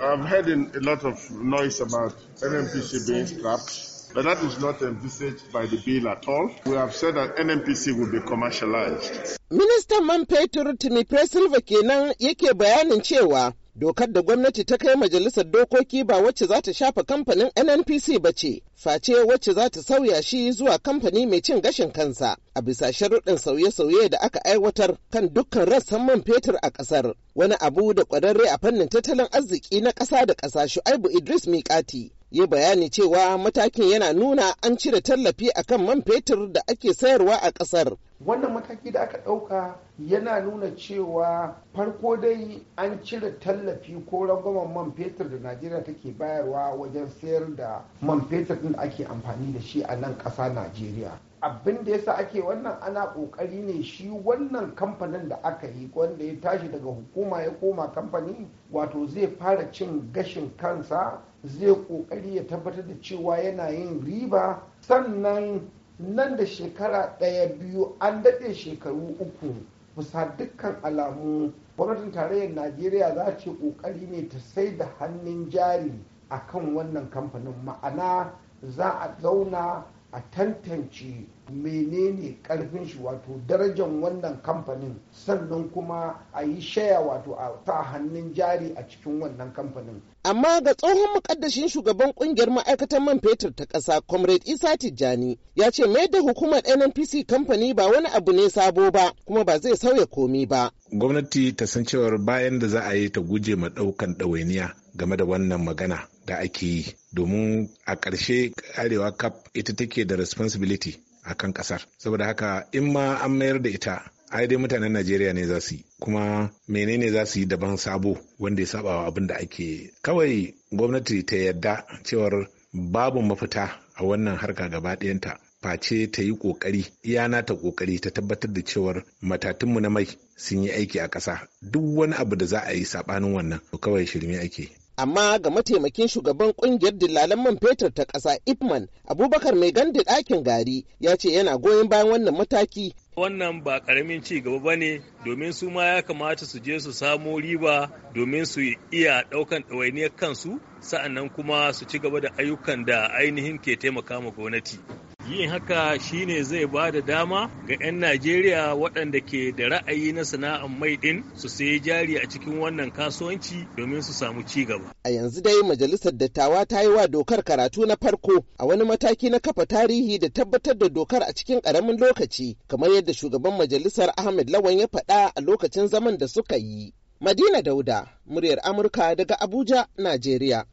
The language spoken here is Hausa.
I've heard a lot of noise about NMPC being scrapped, but that is not envisaged by the bill at all. We have said that NMPC will be commercialized. Ministan man Timi Presilva kenan yake bayanin cewa dokar da gwamnati ta kai majalisar dokoki ba wacce za ta shafa kamfanin nnpc ba ce face wacce za ta sauya shi zuwa kamfani mai cin gashin kansa a bisa sharuɗin sauye-sauye da aka aiwatar kan dukkan rassan man fetur a ƙasar wani abu da ƙwararre a fannin tattalin arziki na ƙasa da ƙasa shu'aibu idris miƙati ya bayani cewa matakin yana nuna an cire tallafi akan man fetur da ake sayarwa a ƙasar wannan mataki da aka ɗauka yana nuna cewa farko dai an cire tallafi ko rangwamen man fetur da najeriya take bayarwa wajen sayar da man fetur ɗin din ake amfani da shi a nan ƙasa najeriya abin da yasa ake wannan ana ƙoƙari ne shi wannan kamfanin da aka yi wanda ya tashi daga hukuma ya koma kamfani wato zai fara cin gashin kansa zai ƙoƙari ya tabbatar da cewa yana yin riba sannan nan da shekara ɗaya biyu an daɗe shekaru uku bisa dukkan alamu gwamnatin tarayyar najeriya za ce ƙoƙari ne ta sai da hannun jari a kan wannan kamfanin ma'ana za a zauna a tantance menene karfin shi wato darajar wannan kamfanin sannan kuma a yi shaya wato a sa hannun jari a cikin wannan kamfanin amma ga tsohon mukaddashin shugaban kungiyar ma'aikatan man fetur ta ƙasa comrade isa tijjani ya ce mai da hukumar nnpc kamfani ba wani abu ne sabo ba kuma ba zai sauya komi ba gwamnati ta san cewar bayan da za a yi ta guje ma ɗaukan ɗawainiya game da wannan magana da ake yi domin a ƙarshe arewa cup ita take da responsibility a kan ƙasar saboda haka in ma an mayar da ita ai dai mutanen najeriya ne za su yi kuma menene za su yi daban sabo wanda ya saba abin da ake kawai gwamnati ta yarda cewar babu mafita a wannan harka gaba ɗayanta face ta yi ƙoƙari iyana ta ƙoƙari ta tabbatar da cewar matatunmu na mai sun yi aiki a ƙasa duk wani abu da za a yi saɓanin wannan kawai shirme ake amma ga mataimakin shugaban kungiyar dillalan man fetur ta ƙasa ipman abubakar mai gandu ɗakin gari ya ce yana goyon bayan wannan mataki wannan ba karamin ci gaba ba ne domin su ma ya kamata su je su samo riba domin su iya daukan ɗawainiyar kansu sa'annan kuma su ci gaba da ayyukan da ainihin ke taimaka ma gwamnati yin haka shine zai ba da dama ga 'yan najeriya waɗanda ke da ra'ayi na sana'ar mai ɗin su sayi jari a cikin wannan kasuwanci domin su samu ci gaba a yanzu dai majalisar dattawa ta yi wa dokar karatu na farko a wani mataki na kafa tarihi da tabbatar da dokar a cikin ƙaramin lokaci kamar yadda shugaban majalisar ahmed lawan ya faɗa a lokacin zaman da suka yi madina dauda muryar amurka daga abuja najeriya